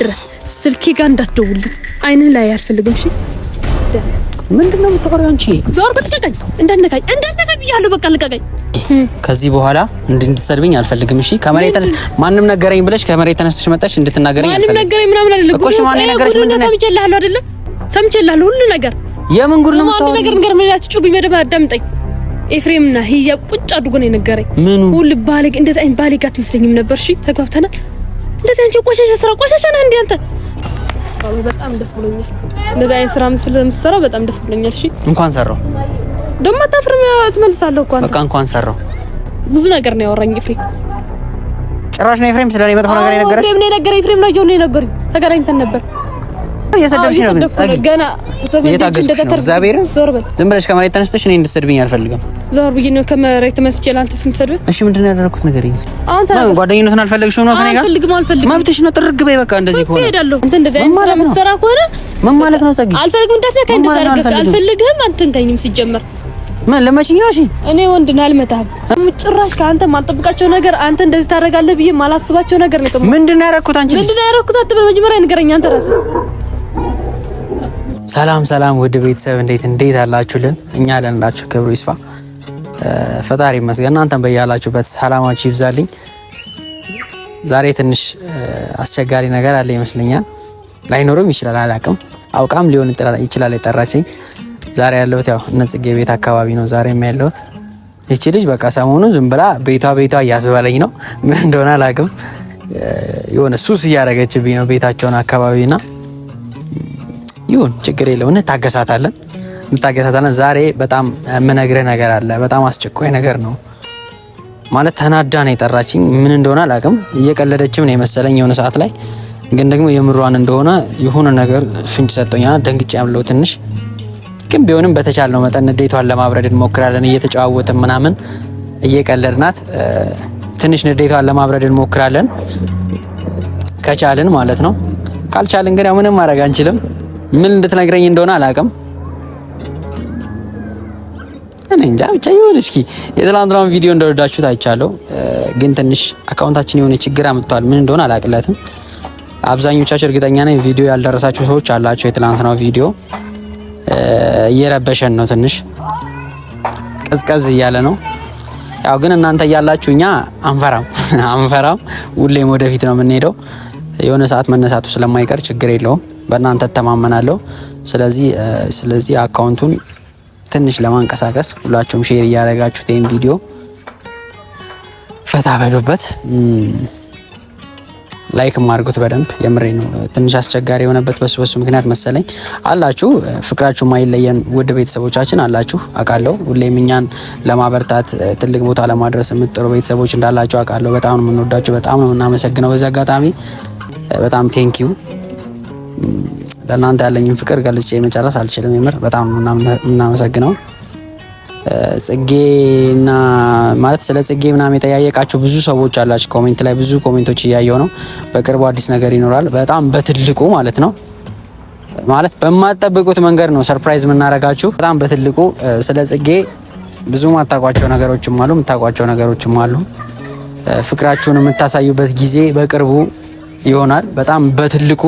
ድረስ ስልኬ ጋር እንዳትደውልኝ። አይንህ ላይ አልፈልግም። እሺ ምንድን ነው የምታወሪው አንቺ? ዞር በልቀቀኝ፣ እንዳነካኝ እንዳነካኝ ብያለሁ። በቃ ልቀቀኝ። ከዚህ በኋላ እንድትሰድብኝ አልፈልግም። እሺ ከመሬት ተነስ። ማንም ነገረኝ ብለሽ ከመሬት ተነስተሽ መጣሽ እንድትናገረኝ አልፈልግም። ማንም ነገረኝ ምናምን አይደለም እኮ። እሺ ማንም ነገረሽ ምንድን ነው? ሰምቼልሃለሁ አይደለ? ሰምቼልሃለሁ ሁሉ ነገር። የምን ጉድ ነው የምታወሪው? ነገር ነገር ምን ያትጩብኝ? መደብ አዳምጠኝ። ኤፍሬምና ሂያብ ቁጭ አድርጎ ነው የነገረኝ። ምኑ ሁሉ ባለጌ፣ እንደዚህ አይነት ባለጌ አትመስለኝም ነበር። እሺ ተግባብተናል። እንደዚህ አንቺ ቆሻሻ ስራ ቆሻሻ ነህ እንዴ አንተ? በጣም ደስ ብሎኛል። እንደዚህ አይነት ስራ ስለምትሰራ በጣም ደስ ብሎኛል። እሺ እንኳን ሰራው። ደግሞ አታፍርም? ትመልሳለሁ እኮ አንተ። በቃ እንኳን ሰራው። ብዙ ነገር ነው ያወራኝ ኤፍሬም። ጭራሽ ነው ኤፍሬም ስለኔ መጥፎ ነገር የነገረሽ? ኤፍሬም ነው የነገረኝ። ኤፍሬም ነው የነገረኝ። ተገናኝተን ነበር እየሰደብሽ ነው ግን ጸጊ ገና ነው። እግዚአብሔርን ዝም ብለሽ ከመሬት ተነስተሽ እኔ እንድትሰድብኝ አልፈልግም። ዞር ብዬሽ ነው ከመሬት ተመስጬ ለአንተ ስም እሺ ምንድን ነው ያደረኩት? ንገሪኝ። ጓደኝነትን አልፈለግሽም ነው ከእኔ ጋር? አልፈልግም። መብትሽ ነው። ጥርግ በይ በቃ። እንደዚህ ከሆነ እሄዳለሁ። አንተ እንደዚህ አይነት ስራ የምትሰራ ከሆነ ምን ማለት ነው? ጸጊ አልፈልግም እንዳትነካ። እንደዚያ አድርገህ አልፈልግህም። አንተን ተኝም ሲጀመር ምን ለመችኝ ነው? እሺ እኔ ወንድ ነኝ አልመጣም። ጭራሽ ከአንተ የማልጠብቃቸው ነገር አንተ እንደዚህ ታደርጋለህ ብዬ የማላስባቸው ነገር ነው። ምንድን ነው ያደረኩት? አንቺ ምንድን ነው ያደረኩት? አትበል መጀመሪያ ንገረኝ አንተ ራስህ ሰላም ሰላም ውድ ቤተሰብ እንዴት እንዴት አላችሁልን? እኛ አለንላችሁ። ክብሩ ይስፋ ፈጣሪ ይመስገን። እናንተም በያላችሁበት ሰላማችሁ ይብዛልኝ። ዛሬ ትንሽ አስቸጋሪ ነገር አለ ይመስለኛል። ላይኖርም ይችላል አላቅም። አውቃም ሊሆን ይችላል የጠራችኝ። ዛሬ ያለሁት ያው እነጽጌ ቤት አካባቢ ነው። ዛሬ ያለሁት ይቺ ልጅ በቃ ሰሞኑ ዝም ብላ ቤቷ ቤቷ እያስበለኝ ነው። ምን እንደሆነ አላቅም። የሆነ ሱስ እያደረገችብኝ ነው ቤታቸውን አካባቢና ይሁን ችግር የለው እንታገሳታለን እንታገሳታለን። ዛሬ በጣም ምነግረ ነገር አለ። በጣም አስቸኳይ ነገር ነው። ማለት ተናዳ ነው የጠራችኝ። ምን እንደሆነ አላቅም እየቀለደችም ነው የመሰለኝ የሆነ ሰዓት ላይ ግን ደግሞ የምሯን እንደሆነ የሆነ ነገር ፍንጭ ሰጠኛ። ደንግጬ ያምለው ትንሽ ግን ቢሆንም በተቻለው መጠን ንዴቷን ለማብረድ እንሞክራለን። እየተጨዋወትን ምናምን እየቀለድናት ትንሽ ንዴቷን ለማብረድ እንሞክራለን ከቻልን ማለት ነው። ካልቻልን ግን ምንም ማድረግ አንችልም። ምን እንድትነግረኝ እንደሆነ አላውቅም። እኔ እንጃ ብቻ ይሁን። እስኪ የትላንትናውን ቪዲዮ እንደወዳችሁት ታይቻለሁ፣ ግን ትንሽ አካውንታችን የሆነ ችግር አምጥቷል። ምን እንደሆነ አላቅለትም። አብዛኞቻችሁ እርግጠኛ ነኝ ቪዲዮ ያልደረሳችሁ ሰዎች አላቸው። የትላንትናው ቪዲዮ እየረበሸን ነው፣ ትንሽ ቀዝቀዝ እያለ ነው። ያው ግን እናንተ እያላችሁ እኛ አንፈራም አንፈራም፣ ሁሌም ወደፊት ነው የምንሄደው። የሆነ ሰዓት መነሳቱ ስለማይቀር ችግር የለውም። በእናንተ ተማመናለሁ። ስለዚህ ስለዚህ አካውንቱን ትንሽ ለማንቀሳቀስ ሁላችሁም ሼር እያደረጋችሁት ይህን ቪዲዮ ፈታ በሉበት፣ ላይክ አድርጉት በደንብ የምሬ ነው። ትንሽ አስቸጋሪ የሆነበት በሱ በሱ ምክንያት መሰለኝ አላችሁ። ፍቅራችሁ ማይለየን ውድ ቤተሰቦቻችን አላችሁ አውቃለሁ። ሁሌም እኛን ለማበርታት ትልቅ ቦታ ለማድረስ የምትጥሩ ቤተሰቦች እንዳላችሁ አውቃለሁ። በጣም ነው የምንወዳችሁ፣ በጣም ነው የምናመሰግነው። በዚህ አጋጣሚ በጣም ቴንኪዩ ለእናንተ ያለኝን ፍቅር ገልጬ መጨረስ አልችልም። የምር በጣም እናመሰግነው ጽጌና ማለት ስለ ጽጌ ምናምን የጠያየቃችሁ ብዙ ሰዎች አላችሁ። ኮሜንት ላይ ብዙ ኮሜንቶች እያየው ነው። በቅርቡ አዲስ ነገር ይኖራል። በጣም በትልቁ ማለት ነው ማለት በማትጠብቁት መንገድ ነው ሰርፕራይዝ የምናረጋችሁ። በጣም በትልቁ ስለ ጽጌ ብዙ የማታውቋቸው ነገሮችም አሉ፣ የምታውቋቸው ነገሮችም አሉ። ፍቅራችሁን የምታሳዩበት ጊዜ በቅርቡ ይሆናል። በጣም በትልቁ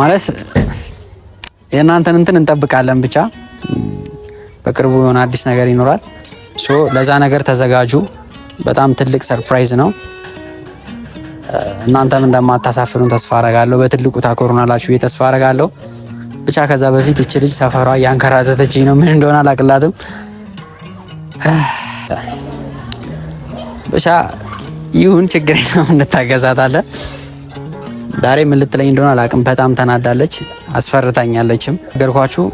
ማለት የእናንተን እንትን እንጠብቃለን። ብቻ በቅርቡ የሆነ አዲስ ነገር ይኖራል። ሶ ለዛ ነገር ተዘጋጁ። በጣም ትልቅ ሰርፕራይዝ ነው። እናንተም እንደማታሳፍሩን ተስፋ አረጋለሁ። በትልቁ ታኮሩናላችሁ ብዬ ተስፋ አረጋለሁ። ብቻ ከዛ በፊት እች ልጅ ሰፈሯ ያንከራተተች ነው። ምን እንደሆነ አላቅላትም። ብቻ ይሁን ችግር ነው፣ እንታገዛታለን። ዛሬ ምን ልትለኝ እንደሆነ አላቅም። በጣም ተናዳለች፣ አስፈርታኛለችም። ነገርኳችሁ።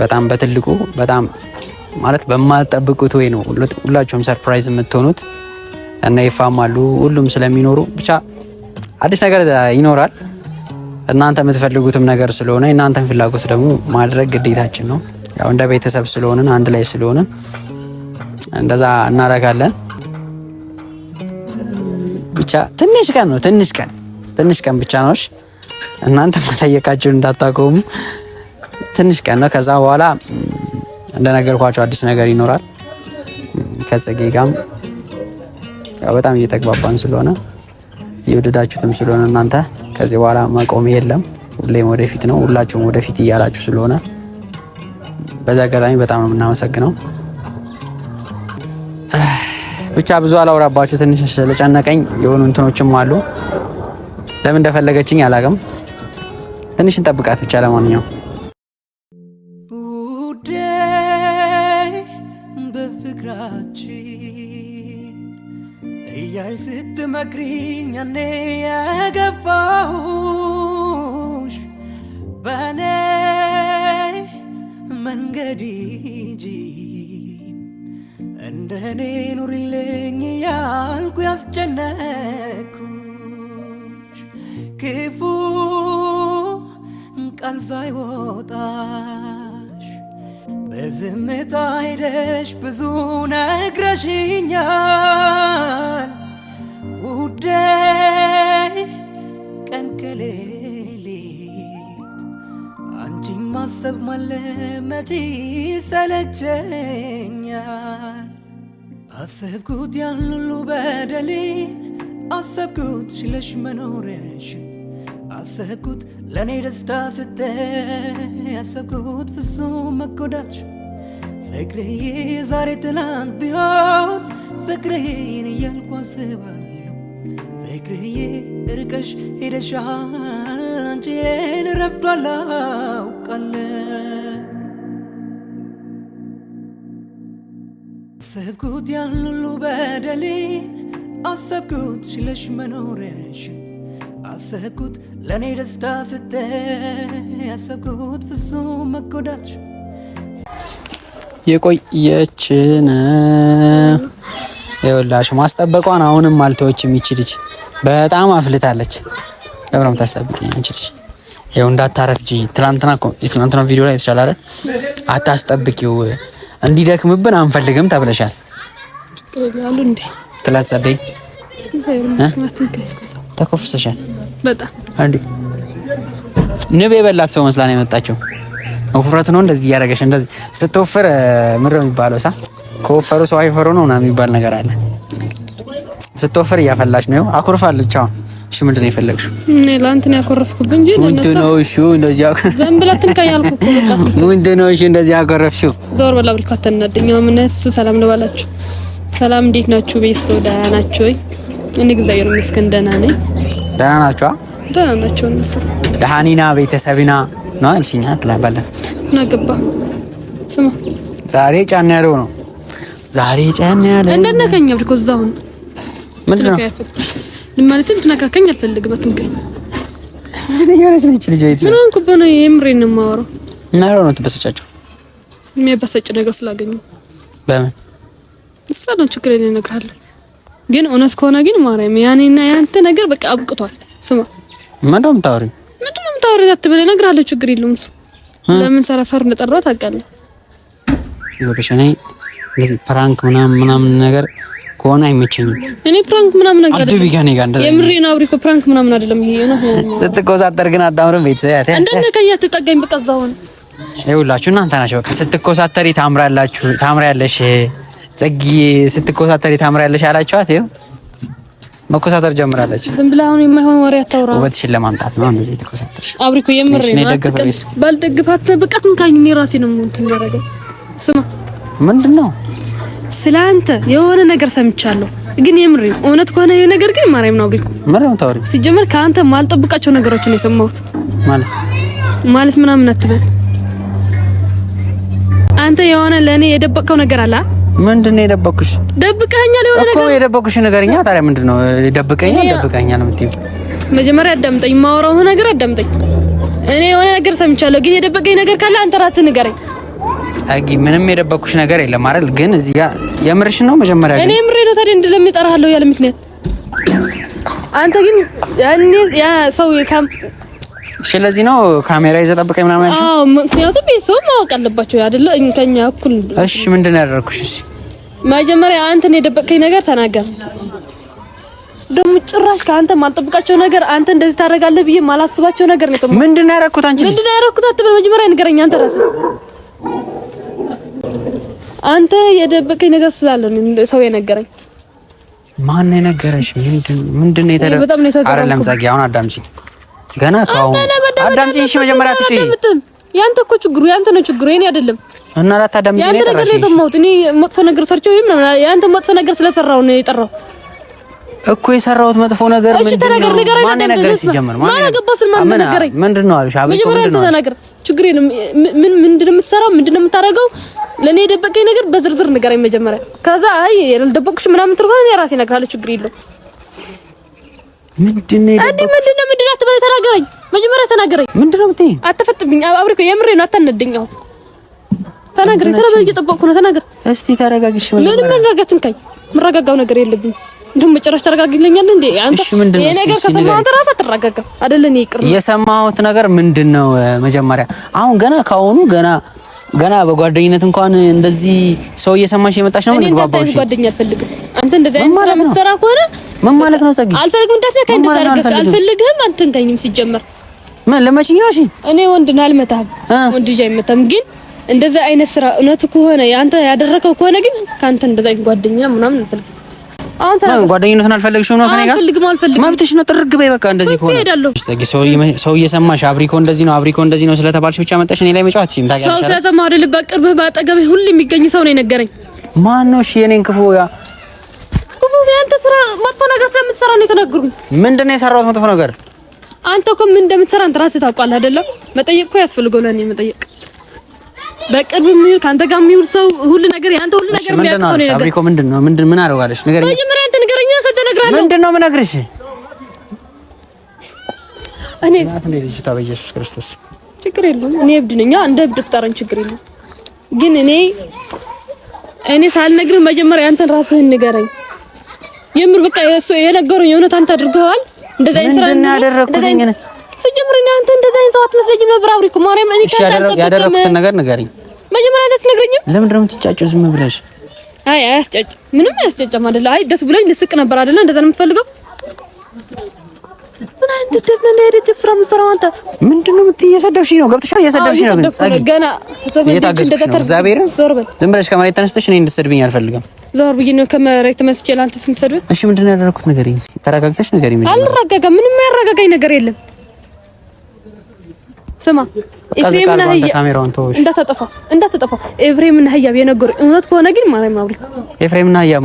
በጣም በትልቁ በጣም ማለት በማጠብቁት ወይ ነው ሁላችሁም ሰርፕራይዝ የምትሆኑት እና ይፋም አሉ ሁሉም ስለሚኖሩ ብቻ አዲስ ነገር ይኖራል። እናንተ የምትፈልጉትም ነገር ስለሆነ እናንተን ፍላጎት ደግሞ ማድረግ ግዴታችን ነው። ያው እንደ ቤተሰብ ስለሆንን አንድ ላይ ስለሆንን እንደዛ እናደርጋለን። ብቻ ትንሽ ቀን ነው ትንሽ ቀን ትንሽ ቀን ብቻ ነው እናንተ መጠየቃችሁን እንዳታቆሙ። ትንሽ ቀን ነው። ከዛ በኋላ እንደነገርኳቸው አዲስ ነገር ይኖራል። ከጽጌ ጋም በጣም እየተግባባን ስለሆነ እየወደዳችሁትም ስለሆነ እናንተ ከዚህ በኋላ መቆም የለም። ሁሌም ወደፊት ነው። ሁላችሁም ወደፊት እያላችሁ ስለሆነ በዛ አጋጣሚ በጣም ነው የምናመሰግነው። ብቻ ብዙ አላውራባችሁ፣ ትንሽ ስለጨነቀኝ የሆኑ እንትኖችም አሉ። ለምን እንደፈለገችኝ አላውቅም። ትንሽ እንጠብቃት ብቻ። ለማንኛውም ውዴ በፍቅራችን እያልሽ ስትመክሪኝ ያኔ የገባሁሽ በእኔ መንገድ እንጂ እንደ ኑሪልኝ እያልኩ ያስጨነኩ ክፉ ቃል ሳይወጣሽ በዝምታ ሄደሽ ብዙ ነግረሽኛል ውዴ ቀን ከሌሊት አንቺን ማሰብ ማለመቼ ሰለቸኛል አሰብኩት ያን ሁሉ በደሌ አሰብኩት ሽለሽ መኖረሽ ያሰብኩት ለእኔ ደስታ ስተ ያሰብኩት ፍጹም መጎዳች ፍቅሬ ዛሬ ትናንት ቢሆን ፍቅሬን እያልኩ አስባለሁ ፍቅሬ ርቀሽ ሄደሻል አንቺን ረፍዷል አውቃለሁ አሰብኩት ያን ሁሉ በደሌ አሰብኩት ሽለሽ መኖሪያሽን አሰብኩት ለእኔ ደስታ ስተ ያሰብኩት ፍጹም መጎዳት የቆየችን የወላሽ ማስጠበቋን አሁንም አልተዎች የሚችልች በጣም አፍልታለች። ለምን ታስጠብቅ እንችልች? ይኸው እንዳታረፍጂ። ትናንትና ትናንትና ቪዲዮ ላይ የተሻላለ አታስጠብቂው፣ እንዲደክምብን አንፈልግም ተብለሻል። ትላት ጸደይ ተኮፍሰሻል በጣም ንብ የበላት ሰው መስላ ነው የመጣችው። ውፍረት ነው እንደዚህ እያደረገች እንደዚህ ስትወፍር ምር የሚባለው ሳ ከወፈሩ ሰው አይፈሩ ነው ና የሚባል ነገር አለ። ስትወፍር እያፈላች ነው። አኩርፋለች። አሁን እሺ፣ ምንድን ነው የፈለግሽው? እኔ ለአንተ ምንድን ነው እሺ? እንደዚህ አኮረፍ ዘም ምንድን ነው እሺ? እንደዚህ አኮረፍሽው? ዞር በላ ብልኳ ተናደኛ ምን እሱ ሰላም ነው ሰላም፣ እንዴት ናችሁ ቤተሰብ? ደህና ናችሁ ወይ? እኔ እግዚአብሔር ይመስገን ደህና ነኝ። ደህና ናችሁ? ደህና ናቸው እነሱ። ደሃኒና ቤተሰቢና ነው አልሽኝ ትላባለ ነገባ ገባ ስማ፣ ዛሬ ጫን ያለው ነው ዛሬ ጫን ያለው እንደነከኝ አብሪኮ እዛውን ምንድን ነው ማለት ትነካከኝ አልፈልግም። አትንከኝ። ምን የሆነች ነች ልጅ ወይት ምን ሆንኩ ነው? የምሬን ነው የማወራው። እና ያለው ነው ትበሰጫቸው የሚያበሳጭ ነገር ስላገኘው በምን እሷ ነው ችግር እኔ እነግርሃለሁ ግን እውነት ከሆነ ግን ማርያም ያኔና ያንተ ነገር በቃ አብቅቷል። ስማ ምንድነው የምታወሪው? ምንድነው የምታወሪው? አትበለ እነግርሃለሁ። ችግር የለውም እሱ ለምን ሰረፈር እንደጠራው ታውቃለህ። ወደሸኔ እንደዚህ ፕራንክ ምናምን ምናምን ነገር ከሆነ አይመቸኝም። እኔ ፕራንክ ምናምን ነገር አይደለም። አድብ ይገኔ ጋር እንደዚህ የምሬ ነው። አብሪኮ ፕራንክ ምናምን አይደለም። ይሄ ነው ስትኮሳተር ግን አታምርም። ቤተሰብ ያተ እንደነከኝ አትጠጋኝ። በቃ እዛው ነው ይኸውላችሁ። እናንተ ናችሁ በቃ ስትኮሳተሪ ታምራላችሁ፣ ታምራ ያለሽ ጽጌ ስትኮሳተሪ ታምሪያለሽ አላችኋት። ይኸው መኮሳተር ጀምራለች። ዝም ብላ አሁን የማይሆን ወሬ አታውራ። ውበትሽን ለማምጣት ነው እንደዚህ የተኮሳተርሽ። አብሪኮ ነው። የምር ባልደግፋት በቃ ብቃት እንካኝ ራሴ ነው እንትን ያደረገው። ስማ ምንድን ነው ስለ አንተ የሆነ ነገር ሰምቻለሁ፣ ግን የምር እውነት ከሆነ ይሄ ነገር ግን ማርያም ነው። አብሪኮ ማርያም ታውሪ ሲጀመር ከአንተ ማልጠብቃቸው ነገሮች ነው የሰማሁት። ማለት ማለት ምናምን አትበል አንተ የሆነ ለእኔ የደበቀው ነገር አለ ምንድን ነው የደበኩሽ? ደብቀኸኛል የሆነ ነገር እኮ የደበኩሽ ነገርኛ። ታዲያ ምንድን ነው ደብቀኛል? ደብቀኛል የምትይው? መጀመሪያ አዳምጠኝ፣ የማወራው ነገር አዳምጠኝ። እኔ የሆነ ነገር ሰምቻለሁ፣ ግን የደበቀኝ ነገር ካለ አንተ ራስህ ንገረኝ። ጸጊ፣ ምንም የደበኩሽ ነገር የለም አይደል? ግን እዚህ ጋር የምርሽ ነው መጀመሪያ። እኔ የምሬ ነው። ታዲያ እንደለም እጠራሃለሁ ያለ ምክንያት አንተ ግን ያኔ ያ ሰው ስለዚህ ነው ካሜራ ይዘህ ጠብቀኝ ምናምን ያልሽው? አዎ፣ ምክንያቱም ቤተሰቡ ማወቅ አለባቸው አይደለ? ከኛ እኩል። እሺ፣ ምንድን ነው ያደረኩሽ? እሺ፣ መጀመሪያ ነው የደበቅከኝ ነገር ተናገር። ደግሞ ጭራሽ ከአንተ ማልጠብቃቸው ነገር አንተ እንደዚህ ታደርጋለህ ብዬ ማላስባቸው ነገር ነው። ምንድን ነው ያደረኩት? አንቺ ምንድን ነው ያደረኩት አትበል፣ መጀመሪያ ንገረኝ። አንተ ራስህ አንተ የደበቀኝ ነገር ስላለ ሰው የነገረኝ ማን ነው የነገረሽ? ምንድን ነው የተደረገ? አይደለም ጸጊ፣ አሁን አዳምጪኝ ገና ካሁን አዳምጪኝ። እሺ መጀመሪያ አትጪኝ። ያንተ እኮ ችግሩ ያንተ ነው ችግሩ የኔ አይደለም። እና ላታዳምጪኝ ነው ያንተ ነገር የሰማሁት እኔ መጥፎ ነገር ሰርቼው ወይም ያንተ መጥፎ ነገር ስለሰራው ነው የጠራው እኮ የሰራሁት መጥፎ ነገር ምንድን ነው? ማን ነገር ሲጀምር ማን አገባስ? ማን ነገር ምንድን ነው አሉሽ? አብይ ምንድን ነው ነገር ችግር የለም። ምን ምንድን ነው የምትሰራው? ምንድን ነው የምታደርገው? ለኔ የደበቀኝ ነገር በዝርዝር ንገረኝ መጀመሪያ። ከዛ አይ ያልደበቅሽ ምናምን ትርኮ እኔ ራሴ እነግርሃለሁ። ችግር የለውም። ምንድን ነው እንዴ? ምንድን ነው ምንድን ነው አትበል ተናግረኝ። ምንድነው የምትይኝ? አትፈጥብኝ። አብሪኮ እኮ የምሬ ነው። አታነደኝ። አሁን ተናግረኝ። ተናግረኝ። እየጠበቅኩ ነው። ተናግረኝ። እስቲ ተረጋግሽ። ምንም መረጋጋት እንካኝ። የምረጋጋው ነገር የለብኝ። እንደውም መጨረሻ ተረጋግለኛል እንዴ? አንተ እሺ፣ ይሄ ነገር ከሰማህ አንተ ራስህ አትረጋጋም አይደለ? እኔ ይቅር ነው የሰማሁት ነገር ምንድነው? መጀመሪያ አሁን ገና ካሁኑ ገና ገና በጓደኝነት እንኳን እንደዚህ ሰው እየሰማሽ የመጣሽ ነው። ምን ባባው እሺ፣ ጓደኛ አልፈልግም። አንተ እንደዚህ አይነት ስራ የምትሰራ ከሆነ ምን ማለት ነው? ጸጊ አልፈልግም። እንዳትነካኝ፣ እንደዛ አልፈልግህም። አንተን ጋኝም ሲጀመር ምን ለመችኝ ነው? እሺ እኔ ወንድን አልመታም፣ ወንድ ልጅ አይመታም። ግን እንደዛ አይነት ስራ እውነት ከሆነ ያንተ ያደረከው ከሆነ ግን ካንተ እንደዛ አይነት ጓደኛ ምናምን አልፈልግም። አሁን ተራ ጓደኝነትን አልፈልግሽም ነው ከኔ ጋር አልፈልግም፣ አልፈልግም። መብትሽ ነው። ጥርግ በይ በቃ። እንደዚህ ከሆነ ሰው እየሰማሽ አብሪኮ እንደዚህ ነው አብሪኮ እንደዚህ ነው ስለተባልሽ ብቻ መጣሽ እኔ ላይ መጫወት ሲም ታጋለሽ። ሰው ስለሰማ አይደል በቅርብህ ባጠገብ ሁሉ የሚገኝ ሰው ነው የነገረኝ። ማን ነው? እሺ የኔን ክፉ ያ ክፉ ያንተ ስራ መጥፎ ነገር ስለምትሰራ ነው የተናገሩኝ። ምንድን ነው የሰራሁት መጥፎ ነገር? አንተ እኮ ምን እንደምትሰራ አንተ ራስህ ታውቃለህ አይደለም? መጠየቅ እኮ ያስፈልገው ለኔ መጠየቅ። በቅርብ የሚውል ከአንተ ጋር የሚውል ሰው ሁሉ ነገር ያንተ ሁሉ ነገር የሚያውቅ ሰው ነው። አብሪኮ ምንድን ነው ምንድን ምን አደርጋለሽ? ንገረኝ። መጀመሪያ አንተ ንገረኝ፣ ከዛ እነግርሃለሁ። ምንድን ነው የምነግርሽ? እኔ ልጅቷ በኢየሱስ ክርስቶስ ችግር የለም። እኔ እብድ ነኝ፣ እንደ እብድ ቁጠረኝ፣ ችግር የለም። ግን እኔ እኔ ሳልነግርህ መጀመሪያ ያንተን ራስህን ንገረኝ። የምር በቃ የነገሩኝ እውነት አንተ አድርገዋል። እንደዛ አይነት ስራ ነገር ንገሪኝ። መጀመሪያ አትነግረኝም? ለምንድን ነው የምትጫጨው ዝም ብለሽ? አይ አያስጨጭም፣ ምንም አያስጨጭም አይደለ? አይ ደስ ብሎኝ ልስቅ ነበር አይደለ? እንደዛ ነው የምትፈልገው ምን አይነት ደደብ ነህ? የደደብ ስራ የምትሰራው አንተ። ምንድን ነው እየሰደብሽኝ ነው? እየሰደብሽኝ ነው። ገና ነው። እግዚአብሔርን ዝም ብለሽ ከመሬት ተነስተሽ እኔ እንድትሰድብኝ አልፈልግም። ዞር ብዬሽ ነው ከመሬት ለአንተ ስምሰድብ። እሺ ምንድን ነው ያደረኩት? ንገሪኝ እስኪ። ተረጋግተሽ ንገሪኝ። አልረጋጋም። ምንም ያረጋጋኝ ነገር የለም። ስማ ህያ እንዳታጠፋ እንዳታጠፋ። የነገሩኝ እውነት ከሆነ ግን ማርያም አብሪ።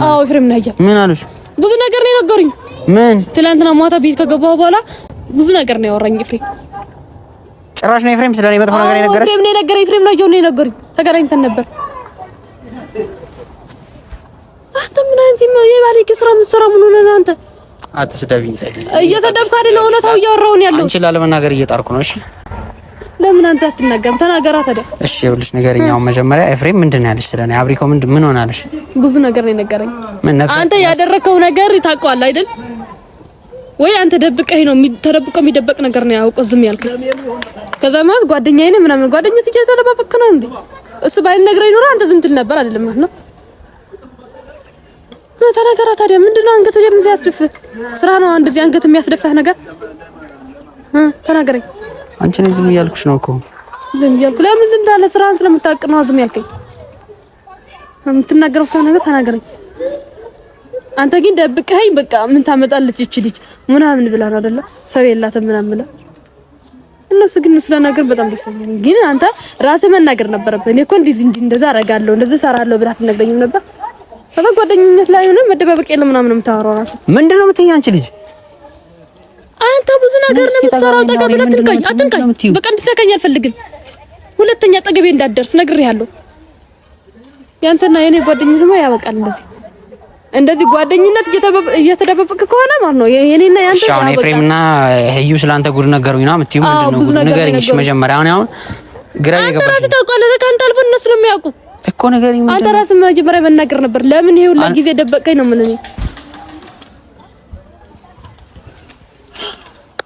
አዎ፣ ምን አሉሽ? ብዙ ነገር ነው የነገሩኝ ምን ትላንትና ማታ ቤት ከገባሁ በኋላ ብዙ ነገር ነው ያወራኝ ኤፍሬም። ጭራሽ ነው ኤፍሬም ስለኔ መጥፎ ነገር የነገረሽ? ኤፍሬም ነው የነገረኝ። ኤፍሬም ነው የሆነ የነገረኝ። ተገናኝተን ነበር። አንተ ምን አንቲ ነው የባሌ ስራ የምትሰራው ምን ሆነህ አንተ? አትስደብኝ። እየሰደብክ አይደለ? እውነታው እያወራሁ ነው ያለው። አንቺ ላለመናገር እየጣርኩ ነው። እሺ ለምን አንተ አትናገርም? ተናገራ ታዲያ። እሺ ይኸውልሽ ንገሪኛው መጀመሪያ ኤፍሬም ምንድን ነው ያለሽ? ስለኔ አብሪኮ ምን ምን ሆናለሽ? ብዙ ነገር ነው የነገረኝ። አንተ ያደረከው ነገር ታውቀዋለህ አይደል? ወይ አንተ ደብቀህ ነው ተደብቆ የሚደበቅ ነገር ነው ያውቀው ዝም ያልክ። ከዛ ማለት ጓደኛዬ ነህ ምናምን ጓደኛ ሲጀ ተደባበክ ነው እንዴ? እሱ ባይል ነግረኝ ኖሮ አንተ ዝም ትል ነበር አይደለም ማለት ነው። ተናገራ ታዲያ። ምንድን ነው አንገት የሚያስደፍህ ስራ ነው እንደዚህ አንገት የሚያስደፋህ ነገር ተናገረኝ። አንቺ ነኝ ዝም እያልኩሽ ነው እኮ። ዝም እያልኩ ለምን ዝም ታለ? ስራን ስለምታውቅ ነው ዝም ያልከኝ። የምትናገረው ሰው ነገር ተናገረኝ። አንተ ግን ደብቀኸኝ። በቃ ምን ታመጣለች እቺ ልጅ ምናምን ብላ አይደለ? ሰው የላትም ምናምን ብላ እነሱ ግን ስለናገር በጣም ደስተኛ ነኝ። ግን አንተ ራስህ መናገር ነበረብህ። እኔ እኮ እንደዚህ እንደዛ አደርጋለሁ እንደዚህ እሰራለሁ ብላ ትነግረኝም ነበር። በጓደኝነት ላይ ሆነ መደባበቅ የለም ምናምን የምታወራው ራስህ ምንድነው የምትይኝ አንቺ ልጅ አንተ ብዙ ነገር ነው የምትሰራው። ጠጋ ብለህ አትንካኝ፣ አትንካኝ። በቃ እንድትነካኝ አልፈልግም። ሁለተኛ ጠገቤ እንዳትደርስ ነግሬሃለሁ። ያንተና የኔ ጓደኝነት ነው ያበቃል። እንደዚህ እንደዚህ ጓደኝነት እየተደበበቅ ከሆነ ማለት ነው የኔና ያንተ ያበቃል። ሻኔ ፍሬምና ህዩ ስላንተ ጉድ ነገሩኝና ምትዩ ምንድን ነው ነገር እንግሽ መጀመሪያ አሁን አሁን ግራ ይገባል። አንተ ራስህ ታውቃለህ። ከአንተ አልፎ እነሱ ነው የሚያውቁ እኮ ነገር። አንተ ራስህ መጀመሪያ መናገር ነበር። ለምን ይሄ ሁላ ጊዜ ደበቀኝ ነው ምን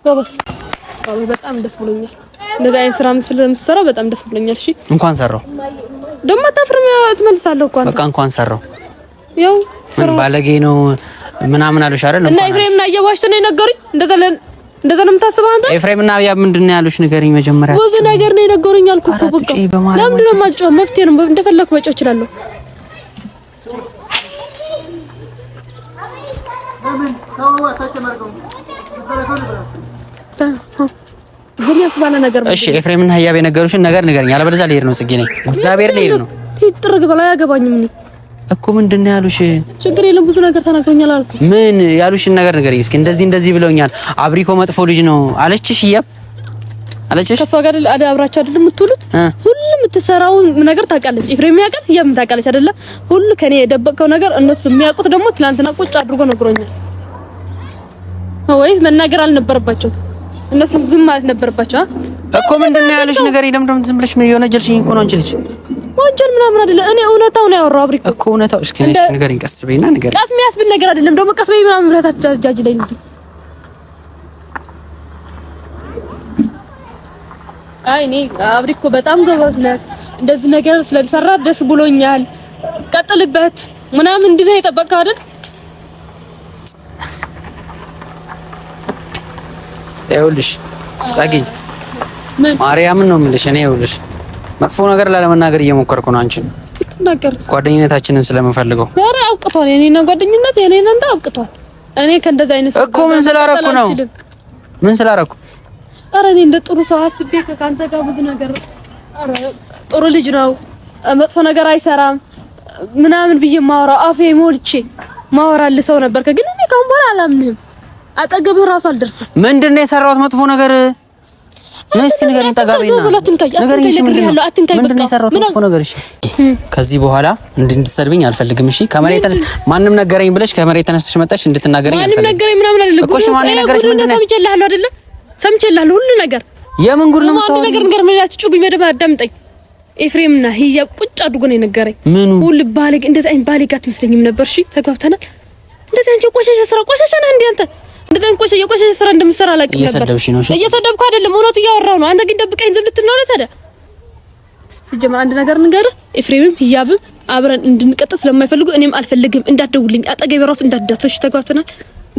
ጎበስ በጣም ደስ ብሎኛል። እንደዚህ አይነት ስራ ስለምትሰራው በጣም ደስ ብሎኛል። እሺ እንኳን ሰራው ደግሞ አታፍርም። ትመልሳለሁ እኮ በቃ እንኳን ሰራው። ያው ባለጌ ነው ምናምን አሉሽ አይደል? እና ኢብራሂም እና እየዋሽተ ነው የነገሩኝ። እንደዛ እንደዛ ነው የምታስበው አንተ? ኤፍሬም እና ያ ምንድን ነው ያሉሽ? ንገሪኝ መጀመሪያ። ብዙ ነገር ነው የነገሩኝ አልኩ እኮ በቃ። ለምንድን ነው የማትጮህ? መፍትሄ ነው እንደፈለኩ መጮህ እችላለሁ። ለምን እሺ ኤፍሬም እና ህያብ የነገሩሽን ነገር ንገረኝ፣ አለበለዚያ ልሄድ ነው። ጽጌ ነኝ እግዚአብሔር ልሄድ ነው። ጥርግ በላ አያገባኝም። እኔ እኮ ምንድን ነው ያሉሽ? ችግር የለም ብዙ ነገር ተናግሮኛል አልኩኝ። ምን ያሉሽን ነገር ንገረኝ እስኪ። እንደዚህ እንደዚህ ብለውኛል፣ አብሪኮ መጥፎ ልጅ ነው አለችሽ ህያብ አለችሽ ከሷ ጋር አይደል? አብራችሁ አይደል የምትውሉት? ሁሉ የምትሰራው ነገር ታውቃለች። ኤፍሬም ያውቃል፣ ህያብ ታውቃለች አይደለ? ሁሉ ከኔ የደበቀው ነገር እነሱ የሚያውቁት ደግሞ ትናንትና ቁጭ አድርጎ ነግሮኛል። ወይስ መናገር አልነበረባቸውም? እነሱን ዝም ማለት ነበረባቸው እኮ። ምንድን ነው ያለሽ ነገር የለም። ደም ዝም ብለሽ ምን የሆነ ጀልሽኝ እኮ ነው አንቺ ልጅ። ወንጀል ምናምን አይደለም። እኔ እውነታውን ነው ያወራው አብሪኮ እኮ እውነታው። እስኪ ነሽ ነገር ቀስ በይና ነገር ቀስ የሚያስብል ነገር አይደለም። ደሞ ቀስ በይ ምናምን ብለህ ላይ እዚህ። አይ እኔ አብሪኮ በጣም ጎበዝ ነህ። እንደዚህ ነገር ስለሰራ ደስ ብሎኛል። ቀጥልበት ምናምን እንዲህ ነው የጠበቅከው አይደል? ይኸውልሽ ጸጊ ማርያምን ነው የምልሽ። እኔ ይኸውልሽ መጥፎ ነገር ላለመናገር እየሞከርኩ ነው። አንቺን ጓደኝነታችንን ስለምፈልገው ኧረ አውቅቷል። የኔና ጓደኝነት የኔና እንደ አውቅቷል። እኔ ከእንደዛ አይነት እኮ ምን ስላረኩ ነው ምን ስላረኩ? ኧረ እኔ እንደ ጥሩ ሰው አስቤ ከካንተ ጋር ብዙ ነገር ኧረ ጥሩ ልጅ ነው፣ መጥፎ ነገር አይሰራም ምናምን ብዬ ማወራው አፌ ሞልቼ ማወራልህ ሰው ነበር። ግን እኔ ካሁን በኋላ አላምንህም አጠገብህ ራሱ አልደርስም። ምንድን ነው የሰራሁት መጥፎ ነገር? ነገር ነገር መጥፎ ነገር? እሺ፣ ከዚህ በኋላ እንድትሰድብኝ አልፈልግም። እሺ፣ ከመሬት ተነስ ማንም ነገረኝ ብለሽ ከመሬት ተነስተሽ መጣሽ እንድትናገረኝ አልፈልግም። ማንም ምናምን አይደለም አይደለ? ሁሉ ነገር። የምን ጉድ ነው የምታወራው? ነገር ነገር ምን ያትጩብኝ መደብ አዳምጠኝ። ኤፍሬምና ሂያብ ቁጭ አድርጎ ነው የነገረኝ። ሁሉ ባሌ እንደዚህ አይነት ባሌ አትመስለኝም ነበር። እሺ፣ ተግባብተናል። እንደዚህ አንቺ ቆሻሻ ስራ ቆሻሻ ነህ አንተ እንደዚህ ቆሽ የቆሸሽ ስራ እንደምትሰራ አላውቅም ነበር። እየሰደብሽ ነው? እየሰደብኩ አይደለም፣ እውነት እያወራሁ ነው። አንተ ግን ደብቀኝ ዝም ልትል ነው ታዲያ? ሲጀመር አንድ ነገር ንገር፣ ኤፍሬምም ህያብም አብረን እንድንቀጥል ስለማይፈልጉ እኔም አልፈልግም። እንዳትደውልኝ፣ አጠገቤ ራሱ እንዳትደርሰሽ። ተግባብተናል?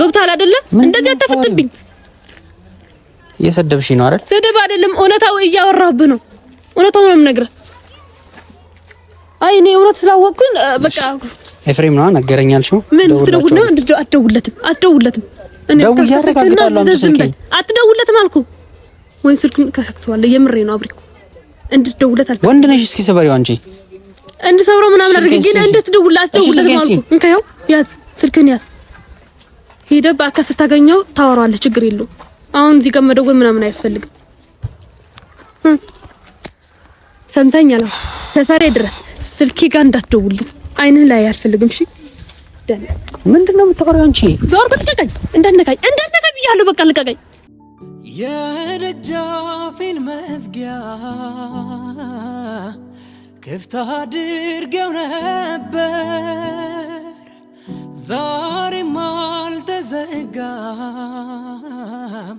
ገብቶሃል አይደለ? እንደዚህ አታፈጥብኝ። እየሰደብሽ ነው አይደል? ስድብ አይደለም፣ እውነታው እያወራሁብህ ነው። እውነታው ነው የምነግርህ። አይ እኔ እውነት ስላወቅኩኝ በቃ ኤፍሬም ነው ነገረኛል። ምን ልትደውል ነው? አትደውልለትም፣ አትደውልለትም አትደውለትም አልኩ ወይ? ስልኩን የምሬ ነው አብሪኩ እንድትደውለት አልኩ። ወንድ ነሽ፣ እስኪ ሰበሪው አንቺ እንድሰብረው ምናምን ግን እንድትደውል አትደውለትም አልኩ። ያዝ ስልክህን ያዝ። በአካ ስታገኘው ታወራዋለህ፣ ችግር የለውም። አሁን እዚህ ጋር መደወል ምናምን አያስፈልግም። ሰምተኛል። ሰፈሬ ድረስ ስልኬ ጋር እንዳትደውልኝ፣ አይንህ ላይ አልፈልግም። እሺ ምንድን ነው የምታወሪው አንቺ? ዞር በል ልቀቀኝ! እንዳነካኝ እንዳነካኝ ብያለሁ። በቃ ልቀቀኝ። የደጃፌን መዝጊያ ክፍት አድርጌው ነበር፣ ዛሬም አልተዘጋም።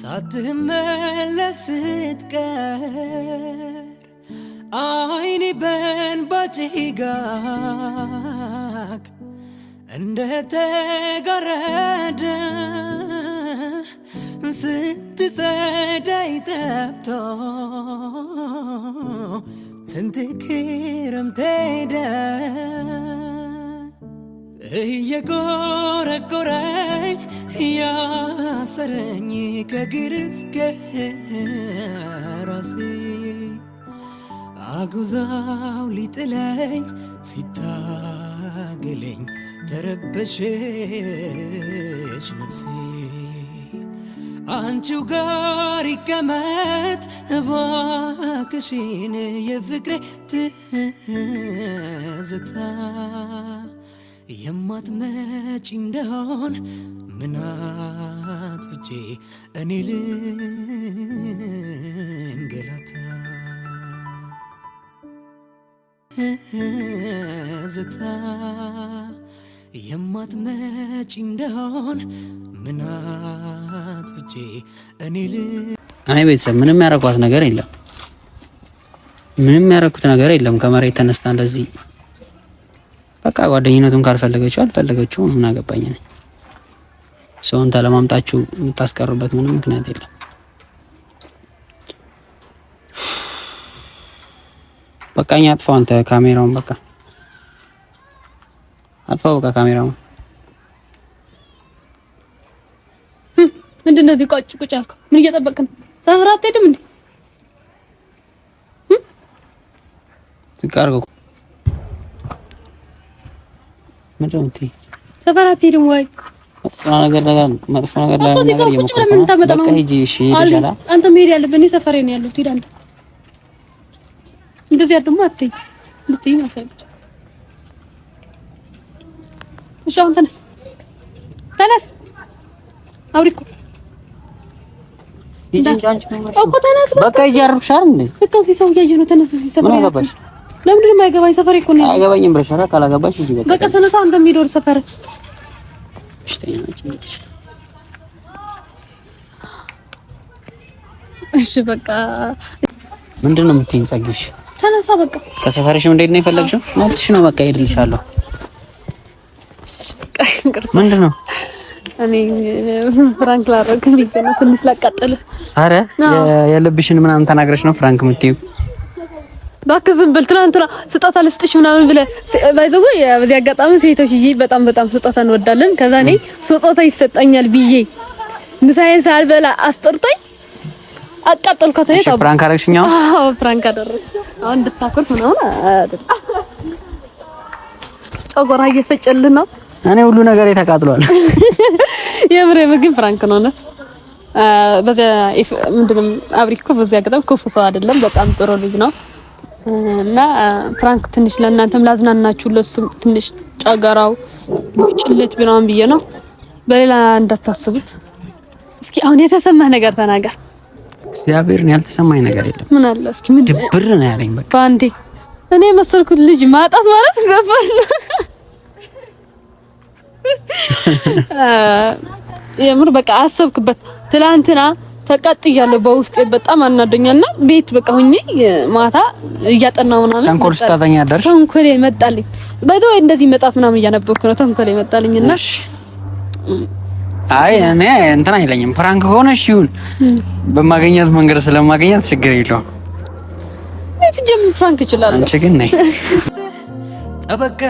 ሳትመለስ ስትቀር አይኔ በእንባ ጭጋግ እንደተጋረደ ስንት ጸዳይ ጠብቶ ስንት ክረምት ሄደ እየጎረጎረኝ ያሰረኝ ከግር እስከ ራሴ አጉዛው ሊጥለኝ ሲታገለኝ ተረበሸች ነፍሴ። አንቺው ጋር ይቀመጥ እባክሽን የፍቅሬ ትዝታ የማትመጪ እንደሆን ምናት ፍጄ እኔ ልንገላታ ትዝታ የማትመጪ እንደሆን ምናት ፍቼ እኔ ል እኔ ቤተሰብ ምንም ያረኳት ነገር የለም። ምንም ያረኩት ነገር የለም። ከመሬት ተነስታ እንደዚህ በቃ ጓደኝነቱን ካልፈለገችው አልፈለገችው ምን አገባኝ። ሰውን ተለማምጣችሁ የምታስቀሩበት ምንም ምክንያት የለም። በቃኝ። አጥፋው አንተ ካሜራውን በቃ አጥፋው፣ በቃ ካሜራውን። ምንድን ነው እዚህ ቁጭ ቁጭ አልከው? ምን እየጠበቅን ሰብራ አትሄድም እንዴ? ዝቅ ምንድን ነው ሰብራ አትሄድም ወይ? መጥፎ ነገር ነገር መጥፎ ነገር ነገር ነገር ነገር ነገር ነገር ነገር ነገር ነገር ነገር ነገር ነገር ነገር ነገር ነገር ነገር ነገር ነገር እንደዚያ ደግሞ አትይኝ ነው አልፈልግም። እሺ አሁን ተነስ ተነስ፣ አውሪ እኮ እኮ ተነስ፣ በቃ እንዴ? በቃ እዚህ ሰው እያየ ነው። ተነስ፣ ለምንድን ነው የማይገባኝ? እኮ ነው። አይገባኝም ካላገባሽ እዚህ በቃ በቃ ተነሳ። አንተ የሚዶር ሰፈር እሽተኛ እሺ በቃ ምንድን ነው የምትይኝ? ተነሳ በቃ። እንዴት ነው የፈለግሽው? መብትሽ ነው በቃ ሄድልሻለሁ። ምንድን ነው ፍራንክ ላደርግ ነው ትንሽ አረ የልብሽን ምናምን ተናግረሽ ነው ፍራንክ የምትይው? እባክህ ዝም ብል። ትናንትና ስጦታ ልስጥሽ ምናምን ብለ ባይዘው በዚህ አጋጣሚ ሴቶች ይይ በጣም በጣም ስጦታ እንወዳለን። ከዛ እኔ ስጦታ ይሰጠኛል ብዬ ምሳዬን ሳልበላ አስጠርቶኝ አቃጠልኳት። እሺ፣ ፕራንክ አደረግሽኝ? አዎ፣ ፕራንክ አደረግሽኝ። አሁን እንድታኮርፍ ምናምን አይደል? ጨጎራ እየፈጨልህ ነው። እኔ ሁሉ ነገር ተቃጥሏል። የምሬ ምግብ ፕራንክ ነው ነው። በዚያ ምንድነው አብሪ እኮ በዚያ ገጠም ክፉ ሰው አይደለም፣ በጣም ጥሩ ልጅ ነው። እና ፍራንክ ትንሽ ለእናንተም ላዝናናችሁ፣ ለሱም ትንሽ ጨጎራው ጭልጥ ምናምን ብዬ ነው። በሌላ እንዳታስቡት። እስኪ አሁን የተሰማህ ነገር ተናገር። እግዚአብሔርን ያልተሰማኝ ነገር የለም። ምን አለ እስኪ ምን ድብር ነው ያለኝ በቃ ባንዴ እኔ የመሰልኩት ልጅ ማጣት ማለት ገባል። የምር በቃ አሰብክበት። ትላንትና ተቃጥያለሁ በውስጤ በጣም አናዶኛልና ቤት በቃ ሁኜ ማታ እያጠናው ምናምን ተንኮል ስታጠኛ ደርሽ ተንኮል ይመጣልኝ። ባይዘው እንደዚህ መጻፍ ምናምን እያነበብኩ ነው ተንኮል ይመጣልኝና አይ እኔ እንትን አይለኝም። ፕራንክ ከሆነሽ ይሁን በማገኛት መንገድ ስለማገኛት ችግር የለውም። እኔ ትጀምር ፕራንክ ይችላል። አንቺ ግን ነይ ጠበቃ